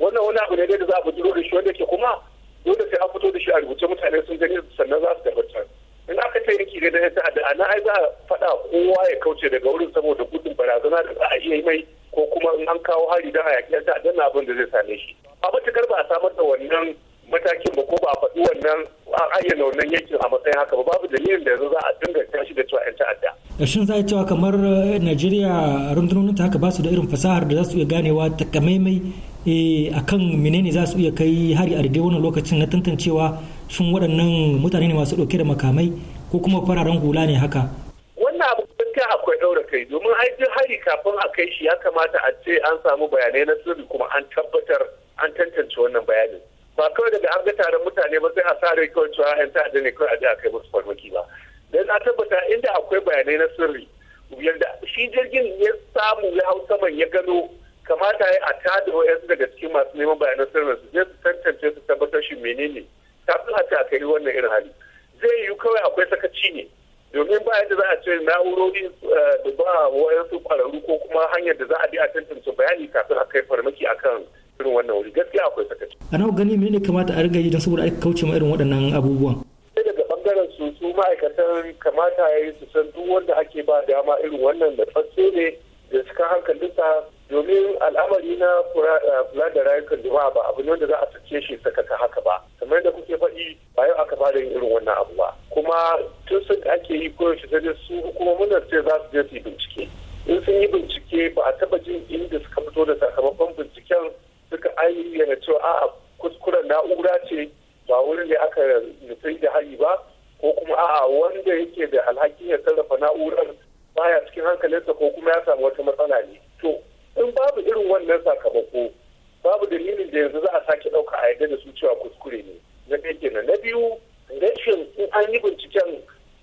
wannan wani abu ne da za a bujiro da shi wanda ke kuma dole sai a fito da shi a rubuce mutane sun gani sannan za su gabata in aka ce yake ga da ta'adda a ana ai za a faɗa kowa ya kauce daga wurin saboda gudun barazana da za a iya yi mai ko kuma in an kawo hari don a yaƙi ta'adda na abin da zai same shi a matukar ba a samar da wannan matakin ba ko ba a faɗi wannan a ayyana wannan yankin a matsayin haka ba babu dalilin da yanzu za a dinga tashi da cewa 'yan ta'adda. shin za a cewa kamar eh, najeriya rundunonin ta haka ba su da irin fasahar da za su iya ganewa takamaimai Eh, a kan menene za su iya kai hari a daidai wannan lokacin na tantancewa sun waɗannan mutane ne masu ɗauke da makamai ko kuma fararen hula ne haka wannan abu gaskiya akwai ɗaura kai domin ai duk hari kafin a kai shi ya kamata a ce an samu bayanai na sirri kuma an tabbatar an tantance wannan bayanin ba kawai daga an ga taron mutane ba sai a sa rai kawai cewa yan ta'adda ne kawai a je a kai musu farmaki ba dan a tabbata inda akwai bayanai na sirri yadda shi jirgin ya samu ya hau saman ya gano kamata ya a tada wa'yansu daga cikin masu neman bayanan sirrin su je su tantance su tabbatar shi menene kafin a ce a kai wannan irin hali zai yiwu kawai akwai sakaci ne domin ba yadda za a ce na'urori eh, da ba wayansu kwararru ko kuma hanyar da za a bi a tantance bayani kafin a kai farmaki akan irin wannan wuri gaskiya akwai sakaci. a nawa gani mene kamata a riga yi don saboda aka kauce ma irin waɗannan abubuwan. sai daga bangaren su su ma'aikatan kamata ya yi su san duk wanda ake ba dama irin wannan da fatse ne da cikin hankalinsa domin al'amari na eh, kula da rayukan jama'a ba abu ne wanda za a sace shi sakaka haka ba kamar da kuke faɗi ba yau aka da yin irin wannan abu ba kuma tun sun ake yi shi sai su hukumomin nan sai za su je su yi bincike in sun yi bincike ba a taba jin inda suka fito da sakamakon binciken suka ayyana cewa a'a kuskuren na'ura ce ba wurin da aka nufi da hari ba ko kuma a'a wanda yake da alhakin ya sarrafa na'urar baya cikin hankalinsa ko kuma ya samu wata matsala ne to in babu irin wannan sakamako babu dalilin da yanzu za a sake ɗauka a yadda da su cewa kuskure ne na ɗaya kenan na biyu rashin in an yi binciken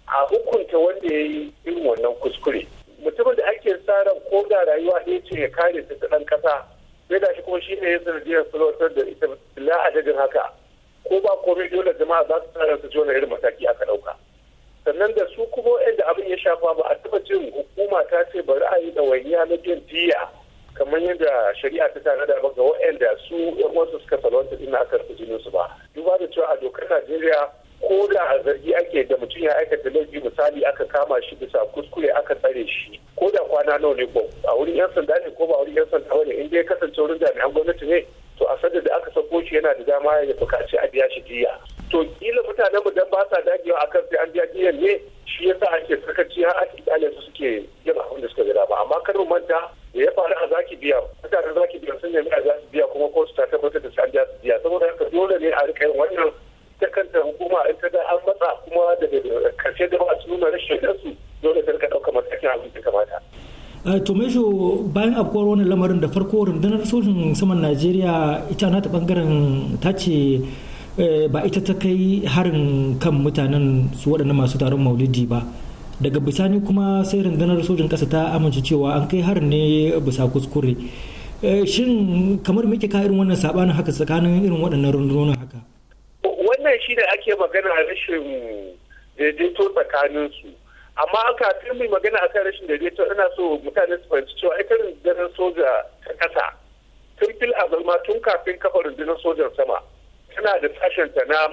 a hukunta wanda ya yi irin wannan kuskure mutumin da ake sa ko da rayuwa ɗaya ce ya kare ta ɗan ƙasa sai da shi kuma shi ne ya sanadiyar salwatar da ita la adadin haka ko ba komai dole jama'a za su tsara su jona irin mataki aka ɗauka sannan da su kuma yadda abin ya shafa ba shari'a ta tare da bayan afkuwar wannan lamarin da farko rundunar sojin saman najeriya ita nata bangaren ta ce eh, ba ita ta kai harin kan mutanen su waɗanda masu taron maulidi ba daga bisani kuma sai rundunar sojin ƙasa ta amince cewa an kai harin ne bisa kuskure eh, shin kamar muke ka irin wannan sabanin haka tsakanin irin waɗannan rundunonin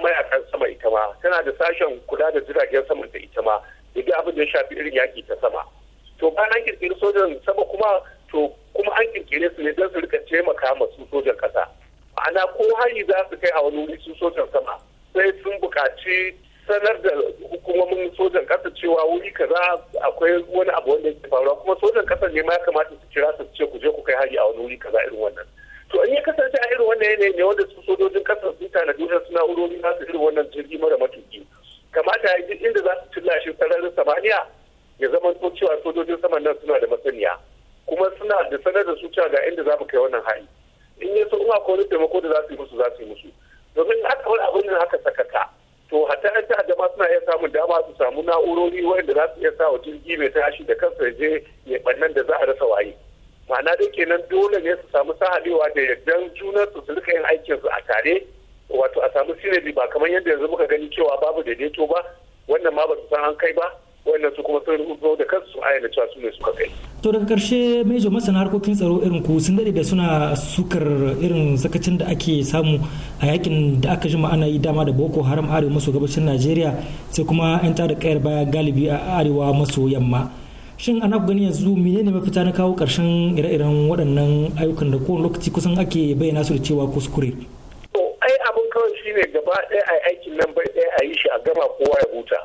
kan sama ita ma tana da sashen kula da jiragen sama da ita ma da duk abin da ya shafi irin yaki ta sama to bayan an kirkiri sojan sama kuma to kuma an kirkire su ne don su rika taimaka ma su sojan kasa ma'ana ko hari za su kai a wani wuri su sojan sama sai sun buƙaci sanar da hukumomin sojan kasa cewa wuri kaza akwai wani abu wanda ya faruwa kuma sojan kasa ne ma ya kamata su kira su ce ku je ku kai hari a wani wuri kaza irin wannan to in ya kasance irin wannan yanayi ne wanda su sojojin kasar sun tanadi urori na'urori su irin wannan jirgi mara matuki kamata ya ji inda za su cilla shi sararin samaniya ya zama to cewa sojojin saman nan suna da masaniya kuma suna da sanar da su cewa ga inda za mu kai wannan hari in ya so in akwai taimako da za su yi musu za su yi musu domin aka wani abin da aka sakaka to hatta yan ta'adda suna iya samun dama su samu na'urori wanda za su iya sa wa jirgi mai tashi da kansa ya je ya bannan da za a rasa waye ma'ana dai kenan dole ne su samu sahalewa da yardan junan su su rika yin aikin su a tare wato a samu sinadi ba kamar yadda yanzu muka gani cewa babu daidaito ba wannan ma ba su san an kai ba wannan su kuma sun zo da kansu sun ayyana cewa su ne suka kai. To daga karshe mejo masana harkokin tsaro irin ku sun daɗe da suna sukar irin sakacin da ake samu a yakin da aka jima ana yi dama da Boko Haram arewa maso gabashin Najeriya sai kuma 'yan tada kayar baya galibi a arewa maso yamma. shin ana gani yanzu menene mafita na kawo karshen ire-iren waɗannan ayyukan da kowane lokaci kusan ake bayyana su da cewa kuskure ai abin kawai shine gaba ɗaya a aikin nan bai ɗaya a yi shi a gama kowa ya huta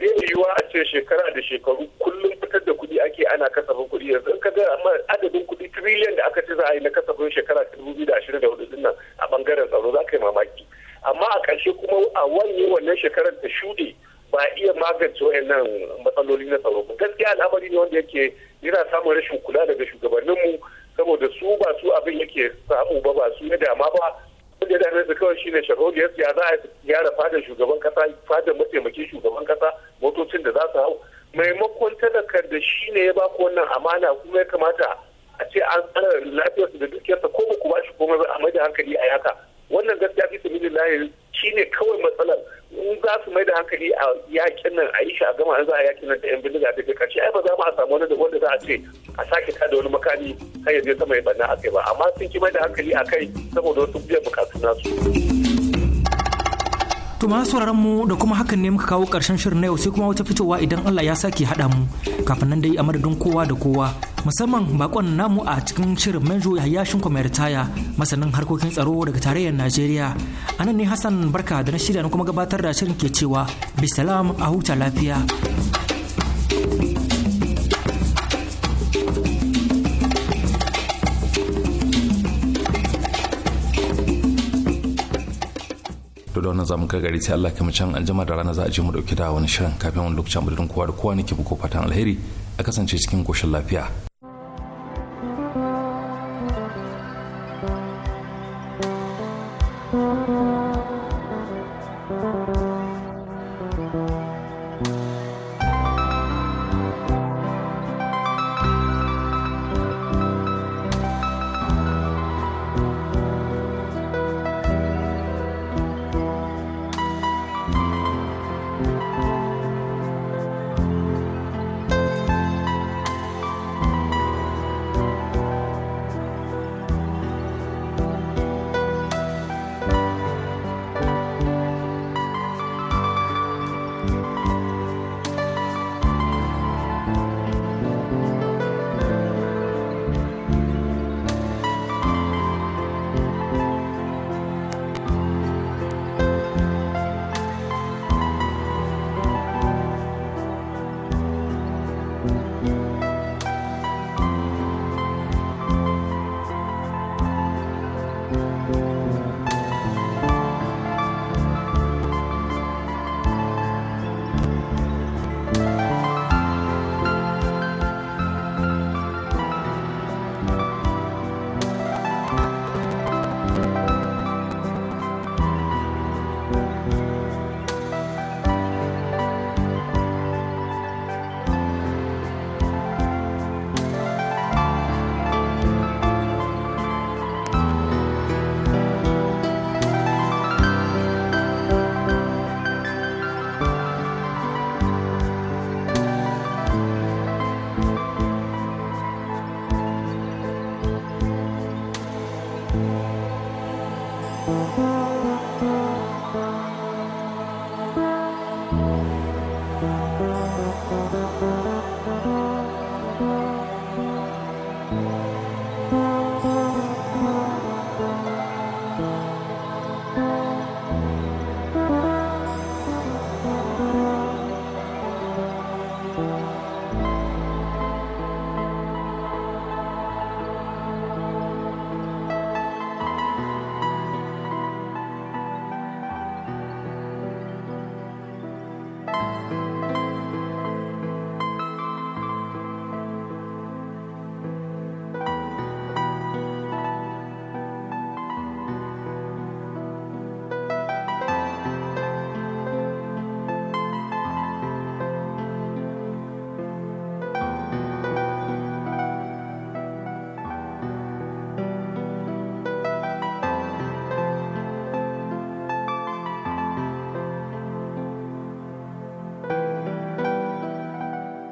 bai yiwuwa a ce shekara da shekaru kullum fitar da kuɗi ake ana kasafin kuɗi yanzu in ka ga adadin kuɗi tiriliyan da aka ce za a yi na kasafin shekara ta dubu biyu da ashirin da hudu din nan a bangaren tsaro za ka yi mamaki amma a ƙarshe kuma a wanye wannan shekarar ta shuɗe ba iya magance wayannan matsaloli na tsaro ba gaskiya al'amari ne wanda yake yana samun rashin kula daga shugabanninmu saboda su ba su abin yake samu ba ba su ya dama ba wanda ya dame su kawai shine shahodiyar ya za a gyara fadar shugaban kasa fadar mataimakin shugaban kasa motocin da za su hau maimakon talakar da shi ne ya ba ku wannan amana kuma ya kamata a ce an tsara lafiyarsa da dukiyarsa ko ba ku ba shi komai a mai da hankali a yaka wannan gaskiya fi sabilillahi ne kawai matsalar in za su mai da hankali a yakin nan a yi shi a gama an za a yakin nan da yan bindiga daga karshe ai ba za mu a samu wani wanda za a ce a sake da wani makami kan ya je sama ya banna a kai ba amma sun ki mai da hankali a kai saboda wasu biyan bukatu nasu. kuma masu sauraron mu da kuma hakan ne muka kawo karshen shirin na yau sai kuma wata fitowa idan Allah ya sake haɗa mu kafin nan dai a madadin kowa da kowa musamman bakon namu a cikin shirin manjo yahya shin taya ritaya masanin harkokin tsaro daga tarayyar Najeriya. A nan ne Hassan barka da na shirya na kuma gabatar da shirin ke cewa bisalam a huta lafiya. nan zamu kai gari sai Allah kuma can anjima da rana za a je mu dauki da wani shirin kafin wani lokacin mu kowa da kowa ne nake muku fatan alheri a kasance cikin koshin lafiya